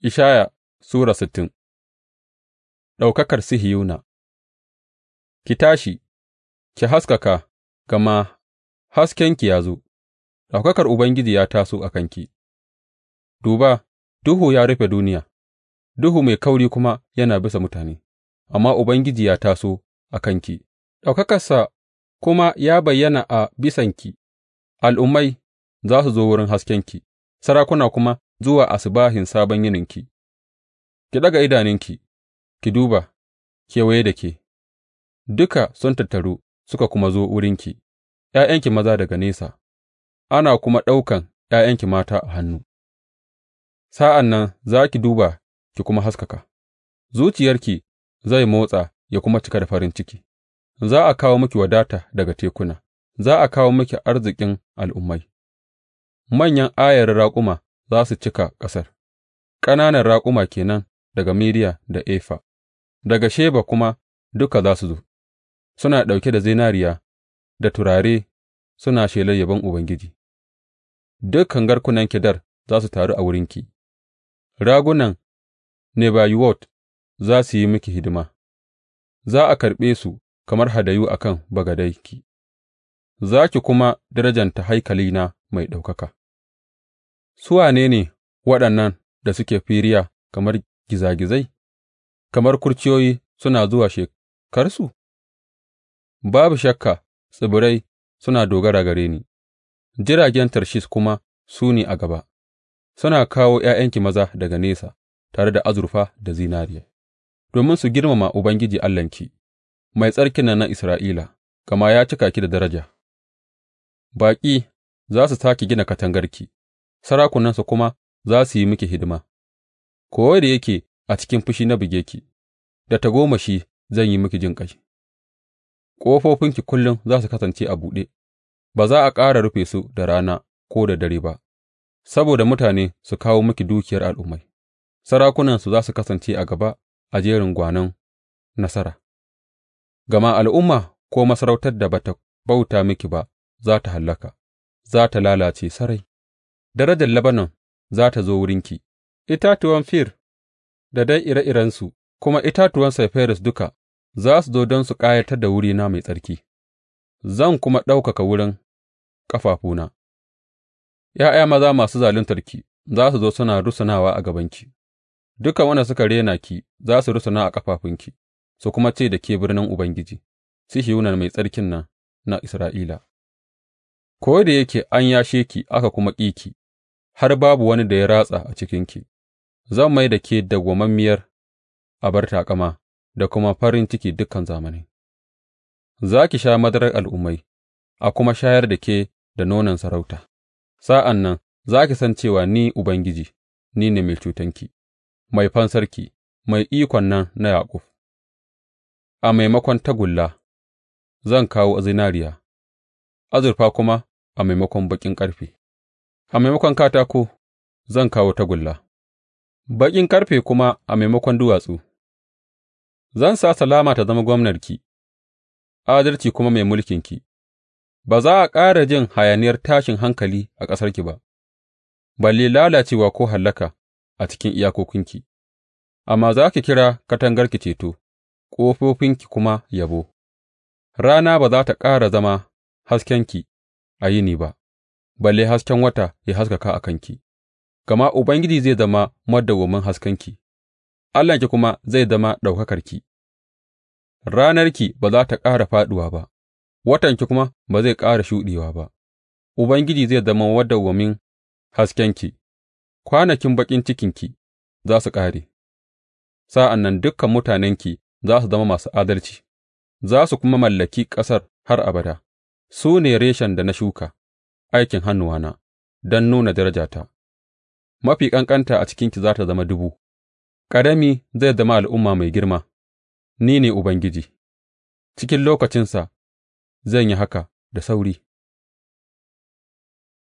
Ishaya Sura sittin Ɗaukakar Sihiyona Ki tashi, ki haskaka, gama haskenki ya zo, ɗaukakar Ubangiji ya taso a kanki; duba, duhu ya rufe duniya, duhu mai kauri kuma yana bisa mutane, amma Ubangiji ya taso a kanki, ɗaukakarsa kuma ya bayyana a bisanki; al'ummai za su zo wurin haskenki, sarakuna kuma zuwa asubahin sabon yininki, ki ɗaga idanunki ki duba kewaye da ke, duka sun tattaru suka kuma zo wurinki, ’ya'yanki maza daga nesa, ana kuma ɗaukan ’ya'yanki mata a hannu, sa'an nan za ki duba ki kuma haskaka, zuciyarki zai motsa ya kuma cika da farin ciki, za a kawo miki wadata daga tekuna, za a kawo miki arzikin al'ummai, manyan ayarin raƙuma za su cika ƙasar, ƙananan raƙuma ke nan daga miriya da Efa, daga Sheba kuma duka za su zo, suna ɗauke da zinariya da turare suna shelar yabon Ubangiji, dukan garkunan Kedar za su taru a wurinki, ragunan Nebayuwot za su yi miki hidima, za a karɓe su kamar hadayu a kan bagadenki, za ki kuma darajanta haikalina mai ɗaukaka. Su wane ne waɗannan da suke firiya kamar gizagizai, kamar kurciyoyi suna zuwa shekarsu? Babu shakka tsibirai suna dogara gare ni, jiragen Tarshish kuma su ne a gaba; suna kawo ’ya'yanki maza daga nesa tare da azurfa da zinariya, domin su girmama Ubangiji Allahnki, Mai Tsarkin nan na Isra'ila, gama ya cika ki da daraja. Baƙi za su sāke gina katangarki. sarakunansu kuma za su yi miki hidima, ko da yake a cikin fushi na buge ki, da tagomashi zan yi miki jinƙai, ƙofofinki kullum za su kasance a buɗe, ba za a ƙara rufe su da rana ko da dare ba, saboda mutane su kawo miki dukiyar al'ummai, sarakunansu za su kasance a gaba a jerin gwanon nasara, gama al'umma ko masarautar da ba ta bauta miki ba za ta hallaka, za ta lalace sarai. Darajar Lebanon za tă zo wurinki, itatuwan fir da dai ire irensu, kuma itatuwan saifiris duka za su zo don su ƙayatar da wurina mai tsarki, zan kuma ɗaukaka wurin ƙafafuna; ’ya'ya maza masu zaluntarki za su zo suna rusunawa a gabanki, dukan wanda suka rena ki za su rusuna a ƙafafunki su kuma ce da ke birnin Ubangiji, Sihiyona mai tsarkin nan na Isra'ila, ko da yake an yashe ki aka kuma ƙi ki. har babu wani da ya ratsa a cikinki, zan mai da ke dawwammamiyar abar taƙama da kuma farin ciki dukan zamanai, za ki sha madarar al'ummai, a kuma shayar da ke da nonon sarauta, sa'an nan za ki san cewa ni Ubangiji, ni ne mai cutanki, mai fansarki, mai ikon nan na Yaƙub. A maimakon tagulla, zan kawo zinariya, azurfa kuma a maimakon baƙin ƙarfe. a maimakon katako zan kawo tagulla, baƙin ƙarfe kuma a maimakon duwatsu, zan sa salama ta zama gwamnarki, adalci kuma mai mulkinki, ba za a ƙara jin hayaniyar tashin hankali a ƙasarki ba, balle lalacewa ko hallaka a cikin iyakokinki, amma za ki kira katangarki ceto, ƙofofinki kuma yabo, rana ba za ta ƙara zama haskenki a yini ba. balle hasken wata ya haskaka a kanki, gama Ubangiji zai zama madawwamin haskenki, Allahnki kuma zai zama ɗaukakarki, ranarki ba za ta ƙara fāɗuwa ba, watanki kuma ba zai ƙara shuɗewa ba, Ubangiji zai zama madawwamin haskenki, kwanakin baƙin cikinki za su ƙare, sa'an nan dukan mutanenki za su zama masu adalci, za su kuma mallaki ƙasar har abada, su ne reshen da na shuka. aikin hannuwana don nuna darajata, mafi ƙanƙanta a cikinki za ta zama dubu, ƙarami zai zama al'umma mai girma, ni ne Ubangiji, cikin lokacinsa zan yi haka da sauri.